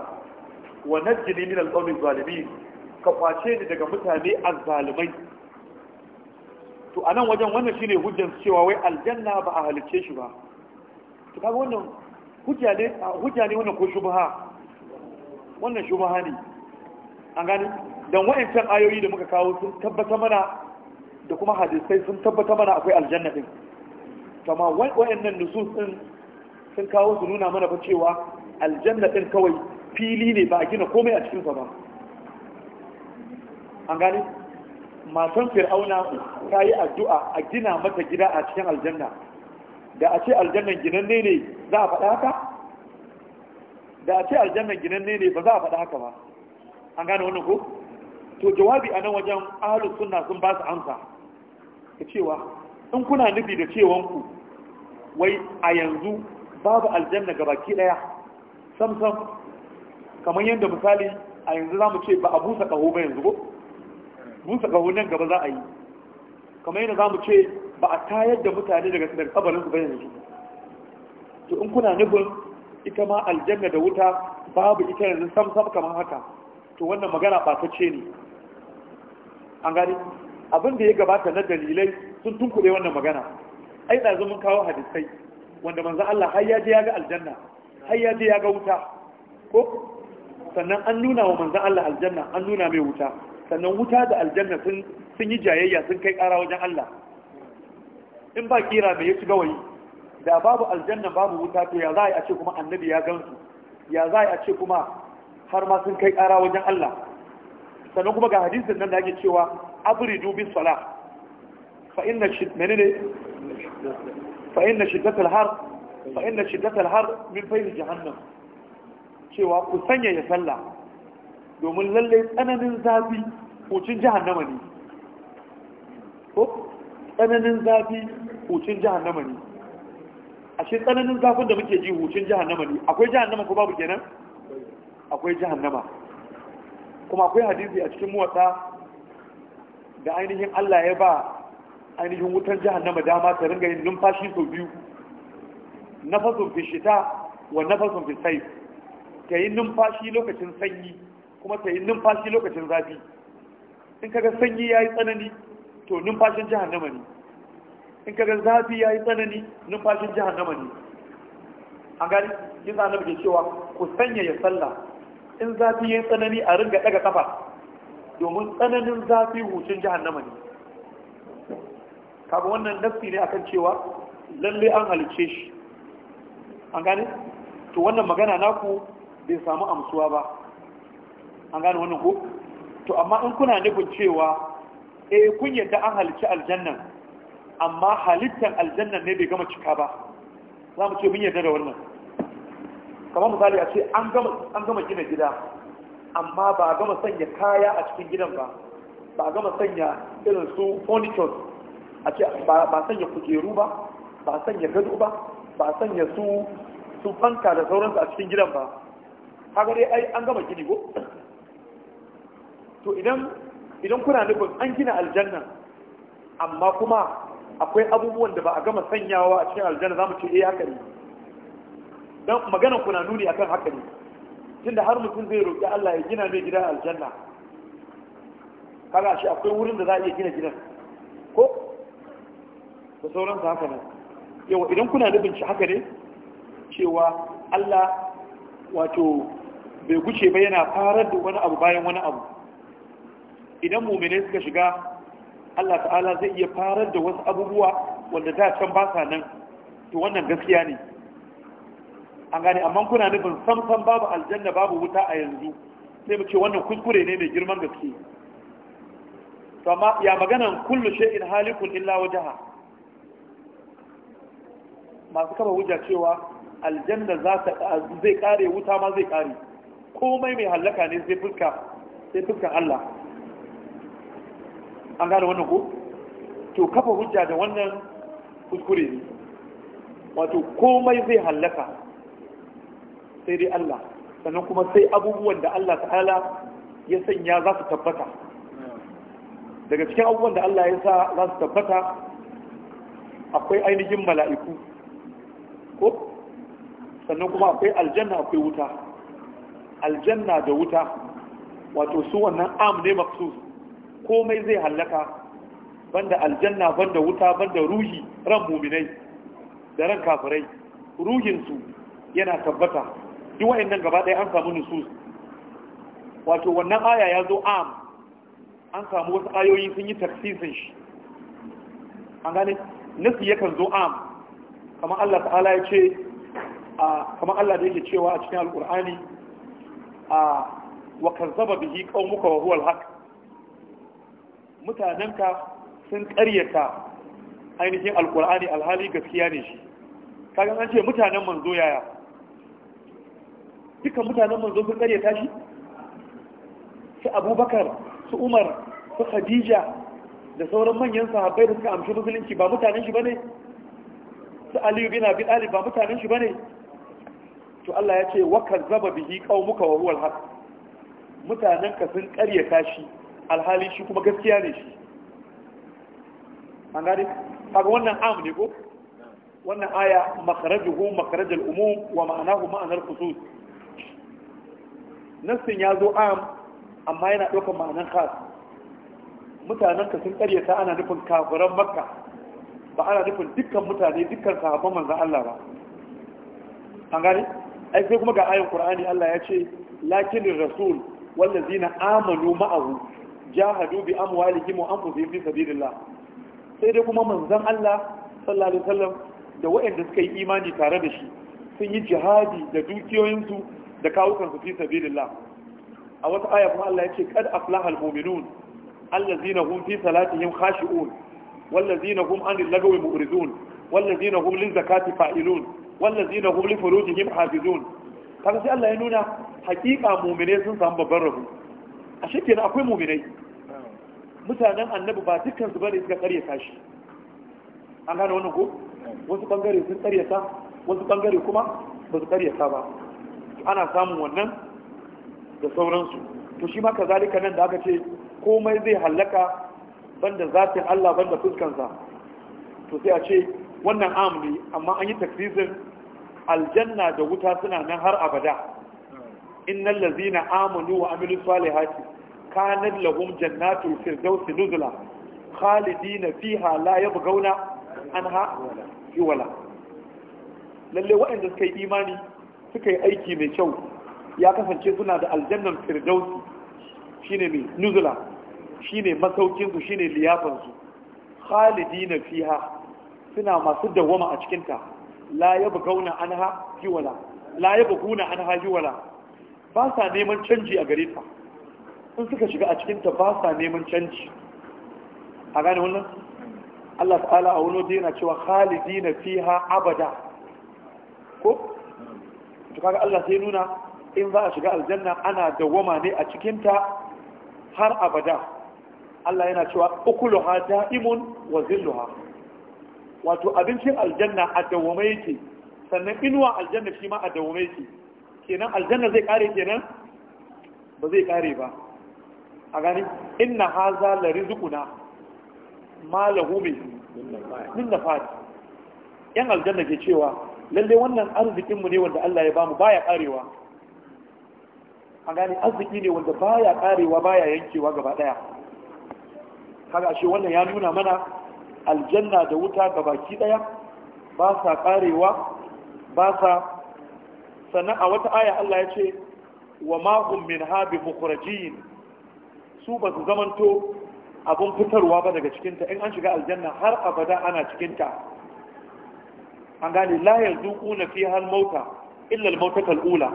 wa najjini min alqawmi zalimin ka kwace ni daga mutane azzalimai to a nan wajen wannan shine hujjar cewa wai aljanna ba a halicce shi ba to kaga wannan hujja ne hujja ne wannan ko shubha wannan shubaha ne an gani don wa'ancan ayoyi da muka kawo sun tabbata mana da kuma hadisai sun tabbata mana akwai aljanna din kama wa'annan nusus din sun kawo su nuna mana ba cewa aljanna ɗin kawai fili ne ba a gina komai a cikinsa ba an gani matan fir'auna ta yi addu'a a gina mata gida a cikin aljanna da a ce aljannan ginanne ne za a faɗa haka da a ce aljannan ginanne ne ba za a faɗa haka ba an gane wannan ko to jawabi a nan wajen ahalus sunna sun ba su amsa ta cewa in kuna nufi da cewanku wai a yanzu babu aljanna ga baki ɗaya samsam kamar yadda misali a yanzu za mu ce ba a busa ƙaho ba yanzu ko busa ƙaho nan gaba za a yi kamar yadda za mu ce ba a tayar da mutane daga tsirar su ba yanzu to in kuna nufin ita ma aljanna da wuta babu ita yanzu sam sam kamar haka to wannan magana ce ne an gani abin da ya gabata na dalilai sun tunkuɗe wannan magana ai ɗazu mun kawo hadisai wanda manzo Allah har ya je ya ga aljanna har ya je ya ga wuta ko sannan an nuna wa manzo Allah aljanna an nuna mai wuta sannan wuta da aljanna sun sun yi jayayya sun kai ƙara wajen Allah in ba kira me ya shiga wayi da babu aljanna babu wuta to ya za a ce kuma annabi ya gansu ya za a ce kuma har ma sun kai ƙara wajen Allah sannan kuma ga hadisin nan da ake cewa abridu bis sala fa inna menene fa inna shiddatul har fa inna shiddatul har min fayl jahannam cewa ku sanya ya sallah domin lalle tsananin zafi hucin jahannama ne ko tsananin zafi hucin jahannama ne ashe tsananin zafin da muke ji hucin jahannama ne akwai jahannama ko babu kenan akwai jahannama kuma akwai hadisi a cikin muwatsa da ainihin Allah ya ba ainihin wutan jahannama dama ta ringa yin numfashi sau biyu nafasun fi shita wa nafasun fi sai ta yi numfashi lokacin sanyi kuma ta yi numfashi lokacin zafi in kaga sanyi ya yi tsanani to numfashin jahannama ne in kaga zafi ya yi tsanani numfashin na ne an gani yin zanen ke cewa ku sanya ya sallah in zafi ya yi tsanani a ringa daga kafa domin tsananin zafi hucin na ne kaga wannan nafi ne akan cewa lalle an halice shi an gani, to wannan magana naku bai samu amsuwa ba an gane wannan ko to amma in kuna nufin cewa eh kun yadda an halici aljannan amma halittar aljannan ne bai gama cika ba za mu ce mun yarda da wannan kamar misali a ce an gama gina gida amma ba a gama sanya kaya a cikin gidan ba ba a gama sanya irin su furniture a ce ba sanya kujeru ba ba sanya gado ba ba sanya su su fanka da sauransu a cikin gidan ba Haka dai ai an gama gini ko to idan kuna nufin an gina aljanna amma kuma akwai abubuwan da ba a gama sanyawa a cikin aljanna za mu ce eh haka ne don maganan kuna nuni akan haka ne tunda har mutum zai roƙi Allah ya gina mai gidan aljanna kaga shi akwai wurin da za a iya gina gidan ko da sauransa haka ne yawa idan kuna nufin shi haka ne cewa Allah wato bai guce ba yana farar da wani abu bayan wani abu idan muminai suka shiga Allah ta'ala zai iya farar da wasu abubuwa wanda da can ba sa nan to wannan gaskiya ne an gane amma kuna nufin samsan babu aljanna babu wuta a yanzu sai mu ce wannan kuskure ne mai girman gaske to amma ya maganan kullu shay'in halikun illa wajha masu kama hujja cewa aljanna za ta zai kare wuta ma zai kare komai mai halaka ne sai fuska sai fuskan Allah an gane wannan ko to kafa hujja da wannan kuskure ne wato komai zai hallaka sai dai Allah sannan kuma sai abubuwan da Allah ta'ala ya sanya za su tabbata daga cikin abubuwan da Allah ya sa za su tabbata akwai ainihin mala'iku ko sannan kuma akwai aljanna akwai wuta aljanna da wuta wato su wannan am ne maksusu komai zai hallaka banda aljanna banda wuta banda ruhi ran muminai da ran kafirai ruhinsu yana tabbata duk wa'annan gaba ɗaya an samu nusus wato wannan aya ya zo am an samu wasu ayoyi sun yi tafsirin shi an gane nasi yakan zo am kamar Allah ta'ala ya ce kamar Allah da yake cewa a cikin alkur'ani a wa kazzaba bihi qaumuka wa huwa alhaq mutanenka sun karyata ainihin alkur'ani alhali gaskiya ne shi kagan an ce mutanen manzo yaya dukkan mutanen manzo sun karyata shi su abubakar su umar su khadija da sauran manyan sahabbai da suka amshi musulunci ba mutanen shi ba ne? su aliyu bin abi talib ba mutanen shi ba ne? to Allah ya ce wa kazzaba bihi muka wa huwal haq Mutanenka sun karyata shi alhali shi kuma gaskiya ne shi an gane kaga wannan am ne ko wannan aya makarajuhu makarajal umum wa ma'anahu ma'anar khusus nassin ya zo am amma yana ɗaukar ma'anar khas mutanen ka sun ƙaryata ana nufin kafiran makka ba ana nufin dukkan mutane dukkan sahabban manzon Allah ba an gane ai sai kuma ga ayin qur'ani Allah ya ce lakin rasul wallazina amanu ma'ahu jahadu bi amwalihim wa anfusihim fi sabilillah sai dai kuma manzon Allah sallallahu alaihi wasallam da waɗanda suka yi imani tare da shi sun yi jihadi da dukiyoyinsu da kawukansu fi sabilillah a wata aya kuma Allah yake kad aflahal mu'minun allazina hum fi salatihim khashi'un wallazina hum anil lagawi mu'ridun wallazina hum lil zakati fa'ilun wallazina hum li furujihim hafizun kaga sai Allah ya nuna hakika mu'mine sun samu babban rabo a shi kenan akwai muminai mutanen annabi ba dukkan su bane suka karyata shi an gane wannan ko wasu bangare sun karyata wasu bangare kuma ba su karyata ba ana samun wannan da sauransu to shi ma kazalika nan da aka ce komai zai hallaka banda zatin Allah banda fuskansa to sai a ce wannan am amma an yi takrizin aljanna da wuta suna nan har abada innal lazina amanu wa amilus salihati kanat lahum jannatul firdausi nuzula khalidina fiha la yabghuna anha wala lalle waɗanda suka yi imani suka yi aiki mai kyau ya kasance suna da aljannan firdausi shine mai nuzula shine masaukin su shine liyafan su khalidina fiha suna masu dawwama a cikin ta la yabghuna anha wala la yabghuna anha wala ba sa neman canji a gare ta in suka shiga a cikinta ba sa neman canji a gane wannan Allah ta'ala a wani yana cewa khalidi na fiha abada ko? to kaga Allah sai nuna in za a shiga aljanna ana dawwama ne a cikinta har abada Allah yana cewa ukuluha da'imun wa zilluha wato abincin aljanna a dawwama yake sannan inuwa aljanna shi ma a dawwama yake kenan aljanna zai kare kenan ba zai kare ba a gani inna haza la rizquna ma lahu min nafad yan aljanna ke cewa lalle wannan arzikin mu ne wanda Allah ya bamu baya karewa a gani arziki ne wanda baya karewa baya yankewa gaba daya kaga shi wannan ya nuna mana aljanna da wuta gabaki daya ba sa karewa ba sa sannan a wata aya Allah ya ce wa mahum min habi mukhrajin su ba su zamanto abun fitarwa ba daga cikinta in an shiga aljanna har abada ana cikinta an gane la yazuquna fiha al-mauta illa al-mauta al-ula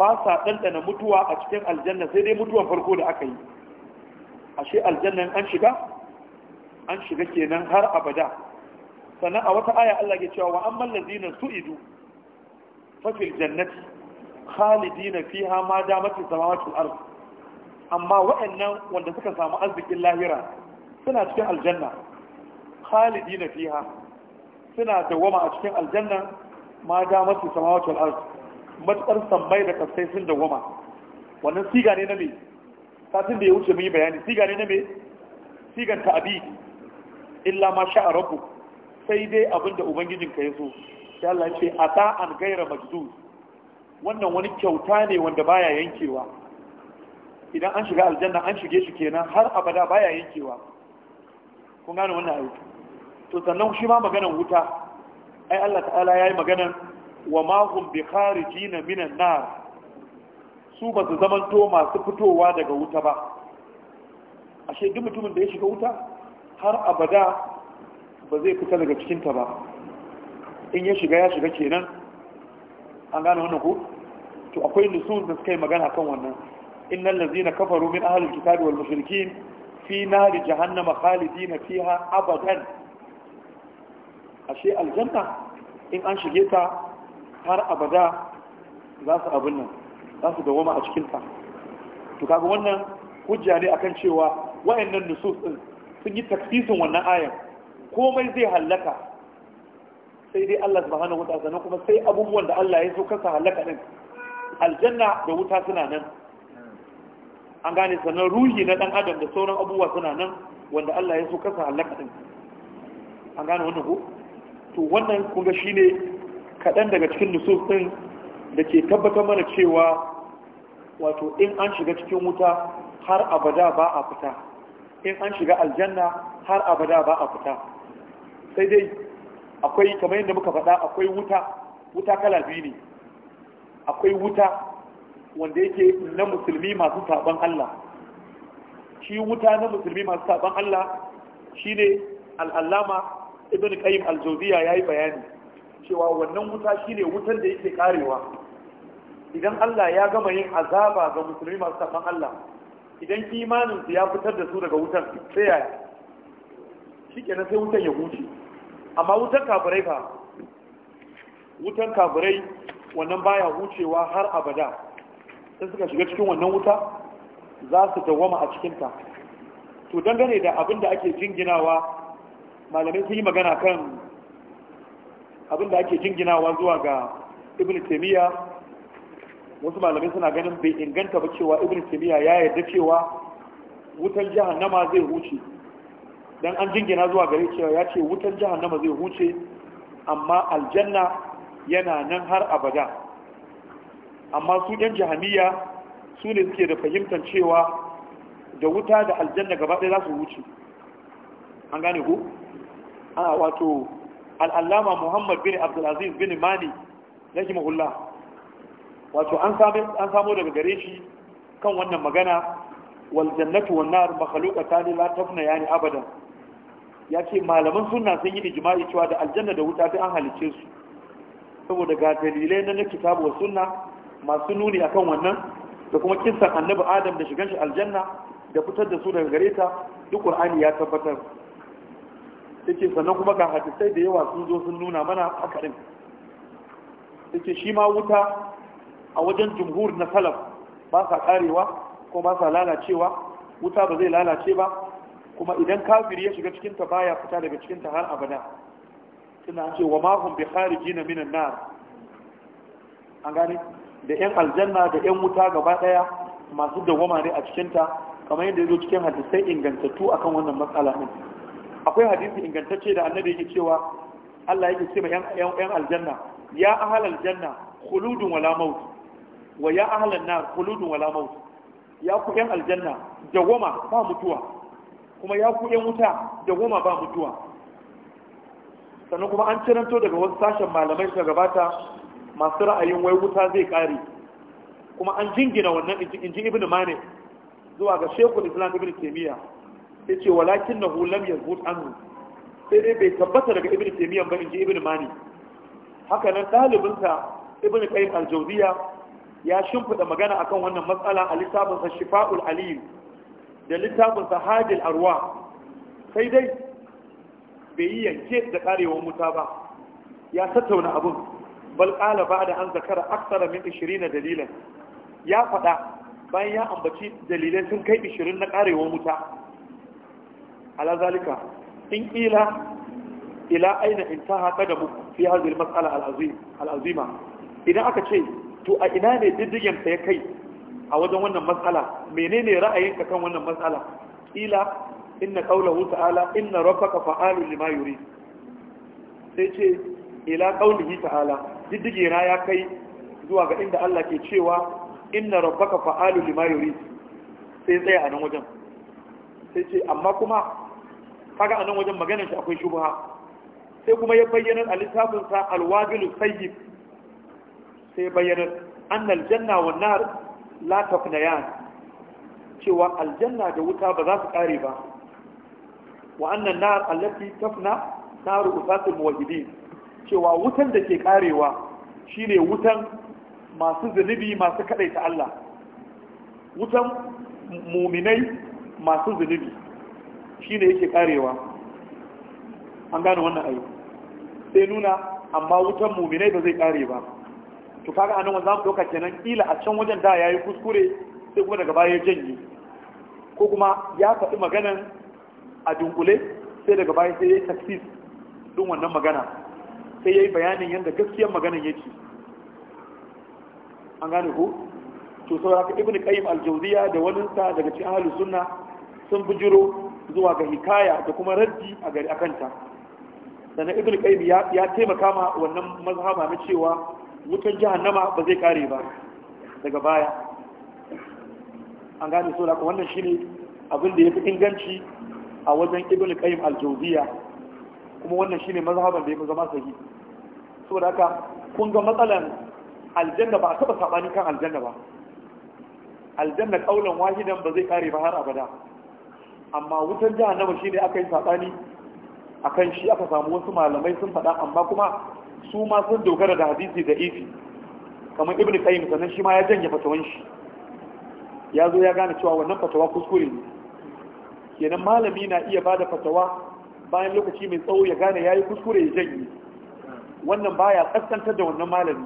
ba sa dandana mutuwa a cikin aljanna sai dai mutuwan farko da aka yi ashe aljanna an shiga an shiga kenan har abada sannan a wata aya Allah ya ce wa amman lazina su'idu fafil jannati khalidina fiha ma damatin samawati wal ardh amma waɗannan wanda suka samu arzikin lahira suna cikin aljanna khalidina fiha suna dawama a cikin aljanna ma damatu samawati wal ardh matsar sammai da kasai sun dawama wannan siga ne na me satin da ya wuce muyi bayani siga ne na me illa ma sha'a sai dai abinda ka ya zo. shi Allah ce a ta'an gaira majdud wannan wani kyauta ne wanda baya yankewa idan an shiga aljanna an shige shi kenan har abada baya yankewa kun gane wannan ayi to sannan shi ma maganan wuta ai Allah ta'ala yayi maganan wa ma hum bi kharijin minan nar su ba su zamanto masu fitowa daga wuta ba ashe duk mutumin da ya shiga wuta har abada ba zai fita daga cikinta ba in ya shiga ya shiga kenan an gane wannan ku. to akwai nusus da suka yi magana kan wannan innal ladzina kafaru min ahlil kitabi wal mushrikin fi nari jahannama khalidina fiha abadan ashe aljanna in an shige ta har abada za su abin nan za su dawoma a cikin ta to kaga wannan hujja ne akan cewa wayannan nusus din sun yi taksisin wannan ayan komai zai hallaka sai dai Allah subhanahu wuta sannan kuma sai abubuwan da Allah ya so kansa halaka din aljanna da wuta suna nan an gane sannan ruhi na dan adam da sauran abubuwa suna nan wanda Allah ya so kansa halaka din an gane wannan ko to wannan kun ga shine kaɗan daga cikin nusus din da ke tabbatar mana cewa wato in an shiga cikin wuta har abada ba a fita in an shiga aljanna har abada ba a fita sai dai akwai kamar yadda muka faɗa akwai wuta wuta kala biyu ne akwai wuta wanda yake na musulmi masu saban Allah shi wuta na musulmi masu saban Allah shine al'allama ibn qayyim al-jawziya yayi bayani cewa wannan wuta shine wutan da yake ƙarewa. idan Allah ya gama yin azaba ga musulmi masu saban Allah idan imanin ya fitar da su daga wutan sai ya yaya kenan sai wutan ya huce amma wutan kafirai ba, wutan kafirai wannan baya hucewa har abada in suka shiga cikin wannan wuta za su dawama a cikinta to dangane da abin da ake jinginawa malamai sun yi magana kan abin da ake jinginawa zuwa ga ibn taimiyya wasu malamai suna ganin bai inganta ba cewa ibn taimiyya ya yarda cewa wutan jahannama zai huce dan an jingina zuwa gare cewa ya ce wutar jahannama zai huce amma aljanna yana nan har abada amma su ɗan jahamiya su ne suke da fahimtar cewa da wuta da aljanna gaba ɗaya za su huce an gane ku a wato al'allama muhammad bin abdulaziz bin mani rahimahullah wato an samo daga gare shi kan wannan magana wal jannatu wan nar makhluqatan la tafna yani abadan ya ce malaman suna sun yi ijma'i cewa da aljanna da wuta ta an halice su saboda ga dalilai na kitabu wa sunna masu nuni akan wannan da kuma kinsan annabi adam da shigan shi aljanna da fitar da su daga gare ta duk qur'ani ya tabbatar yake sannan kuma ga hadisai da yawa sun zo sun nuna mana haka din yake shi ma wuta a wajen jumhur na salaf ba sa karewa ko ba sa lalacewa wuta ba zai lalace ba kuma idan kafiri ya shiga cikinta baya fita daga cikinta har abada suna ce wa mahun bi khariji na minan nar an gane da yan aljanna da yan wuta gaba daya masu dawama ne a cikinta kamar yadda yazo cikin hadisai ingantattu akan wannan matsala din akwai hadisi ingantacce da annabi yake cewa Allah yake ce ma yan aljanna ya ahlal janna khuludun wala maut wa ya ahlan nar khuludun wala maut ya ku yan aljanna dawama ba mutuwa kuma ya ku wuta da goma ba mutuwa sannan kuma an ciranto daga wasu sashen malamai suka gabata masu ra'ayin wai wuta zai kare kuma an jingina wannan ji ibn mane zuwa ga shekul islam ibn taimiyya sai ce walakin na hulam ya zuwa anhu sai dai bai tabbata daga ibn taimiyya ba ji ibn mane haka nan ɗalibinsa ibn qayyim al-jawziya ya shimfida magana akan wannan matsala a sa shifa'ul aliyu da littafin sahadil arwa sai dai bai yi yanke da karewar wuta ba ya tattauna abin bal qala ba'da an zakara aksara min 20 dalilan ya faɗa bayan ya ambaci dalilai sun kai 20 na karewar wuta ala zalika in kila ila aina intaha qadamu fi hadhihi al-mas'ala al-azima idan aka ce to a ina ne diddigen ta ya kai a wajen wannan matsala menene ra'ayinka kan wannan matsala ila inna qawluhu ta'ala inna rabbaka fa'alu lima yurid sai ce ila qawlihi ta'ala diddige na ya kai zuwa ga inda Allah ke cewa inna rabbaka fa'alu lima yurid sai tsaya a nan wajen sai ce amma kuma kaga a nan wajen maganar shi akwai shubha sai kuma ya bayyana a littafin sa alwajilu sayyid sai bayyana annal janna wan nar la tafnayan cewa aljanna da wuta ba za su kare ba wa annan nar allati tafna naru usatul muwahhidin cewa wutan da ke karewa shine wutan masu zunubi masu kadaita Allah wutan muminai masu zunubi shine yake karewa an gane wannan ayi sai nuna amma wutan muminai ba zai kare ba to kaga anan wanda zamu doka kenan kila a can wajen da yayi kuskure sai kuma daga baya ya janye ko kuma ya faɗi maganan a dunkule sai daga baya sai yayi taksis ɗin wannan magana sai yayi bayanin yanda gaskiyar maganan yake an gane ko to saboda ibn qayyim al-jawziya da wani sa daga cikin ahlus sunna sun bujiro zuwa ga hikaya da kuma raddi a gari akanta sannan ibn qayyim ya taimaka ma wannan mazhaba na cewa wutar jihannama ba zai kare ba daga baya an gane so da wannan shine abin da fi inganci a wajen ibn qayyim al-jawziya kuma wannan shine mazhaban da ya zama sahi saboda haka kun ga matsalan aljanna ba a taba sabani kan aljanna ba aljanna kaulan wahidan ba zai kare ba har abada amma wutar shi shine aka yi sabani akan shi aka samu wasu malamai sun faɗa amma kuma su ma sun dogara da hadisi da ifi kamar ibn qayyim sannan shi ma ya janye fatawan shi ya zo ya gane cewa wannan fatawa kuskure ne kenan malami na iya bada fatawa bayan lokaci mai tsawo ya gane yayi kuskure ya janye wannan baya kaskantar da wannan malami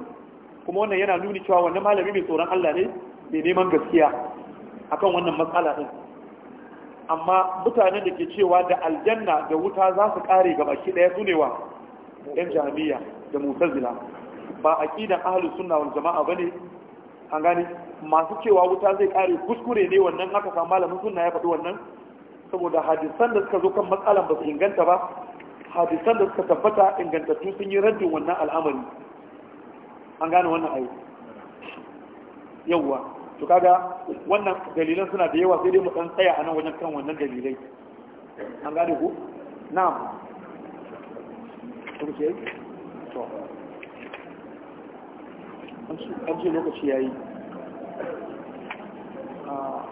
kuma wannan yana nuni cewa wannan malami mai tsoron Allah ne mai neman gaskiya akan wannan matsala din amma mutanen da ke cewa da aljanna da wuta za su kare ga baki daya su ne wa yan jami'a da mutazila ba aqidan ahlus sunna wal jama'a bane an gane masu cewa wuta zai kare kuskure ne wannan aka samu malamin sunna ya faɗi wannan saboda hadisan da suka zo kan matsalan ba su inganta ba hadisan da suka tabbata ingantattu sun yi raddin wannan al'amari an gane wannan ayi yawwa to kaga wannan dalilan suna da yawa sai dai mu dan tsaya a nan wajen kan wannan dalilai an gane ku na'am Okay. an ce lokaci ya yi A ah,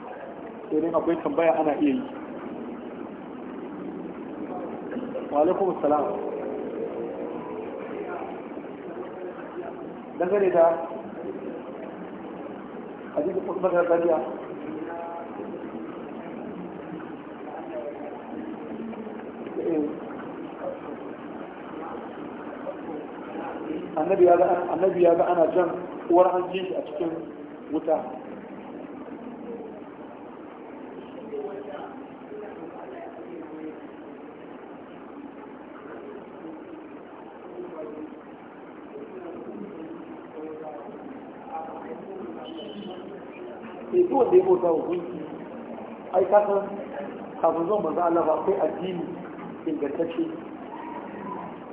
irin akwai tambaya ana iya yi walaikum salam dangane da hadisun kusurbar gargajiya annabi ya ga ana jan uwar hanjin shi a cikin wuta eh, duk wanda ya bauta wa gunki ai ka kafin zuwa manzo Allah ba akwai addini ingantacce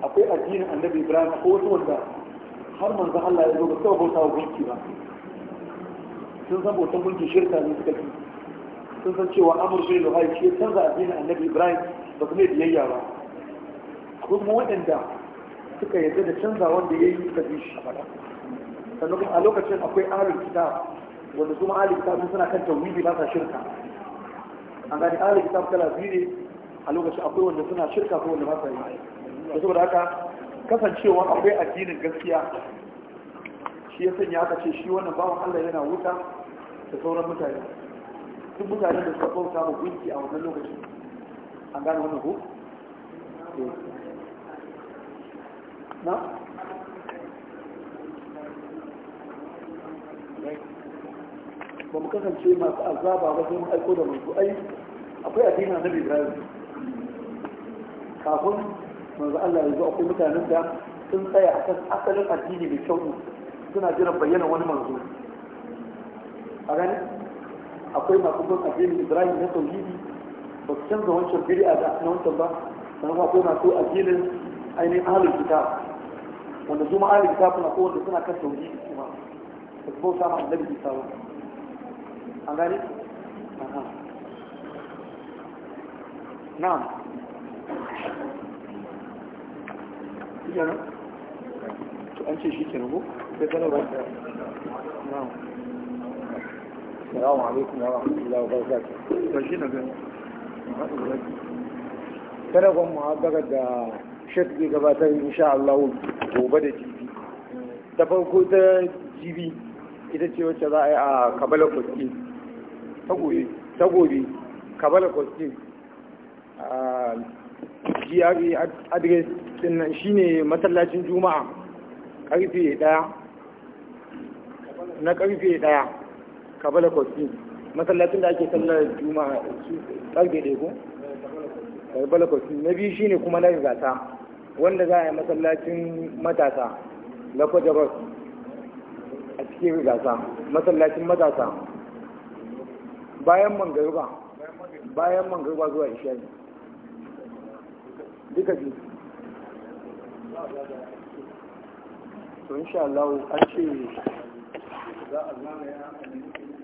akwai addinin annabi Ibrahim ko wasu wanda har manzan Allah ya zo ba sau bauta wa gunki ba sun san bautan gunki shirka ne suka fi sun san cewa amur bai da shi ya canza addinin annabi ibrahim ba kuma yi biyayya ba kuma waɗanda suka yarda da canza wanda ya yi suka bi shi sannan kuma a lokacin akwai ahlul kitab wanda kuma ahlul kitab suna kan tauhidi ba sa shirka an gani ahlul kitab kala biyu ne a lokacin akwai wanda suna shirka ko wanda ba sa yi saboda haka kasancewa akwai addinin gaskiya shi ya sanya aka ce shi wannan bawan Allah yana wuta da sauran mutane duk mutane da suka bauta ma gunki a wannan lokaci an gane wannan ko na ba mu kasance masu azaba ba sai mu aiko da mutu ai akwai addinin annabi Ibrahim kafin manzo Allah zo akwai mutanen da sun tsaya a kan asalin addini mai kyau suna jiran bayyana wani manzo a gani akwai masu bin addinin Ibrahim na tauhidi ba su canza wancan a da na wancan ba sannan kuma akwai masu addinin ainihin ahalin kitab wanda zuma ahalin ahlul kitab na kowanne suna kan tauhidi kuma ba su bauta ma annabi Isa ba an gani na'am kenan to an ce da shek zai gabatar insha Allah gobe da jibi ta farko ta jibi ita ce wacce za a yi a kabala kwaskin ta gobe kabala kwaskin shi adres din nan shine masallacin juma'a karfe 1 na karfe 1 kabala kwasi masallacin da ake sallar juma'a karfe 1 ko kabala kwasi na biyu shine kuma na rigata wanda za a yi masallacin matasa lafa road a cikin rigata masallacin matasa bayan mangariba bayan mangariba zuwa isha'i duka biyu to insha Allah an ce za a zama ya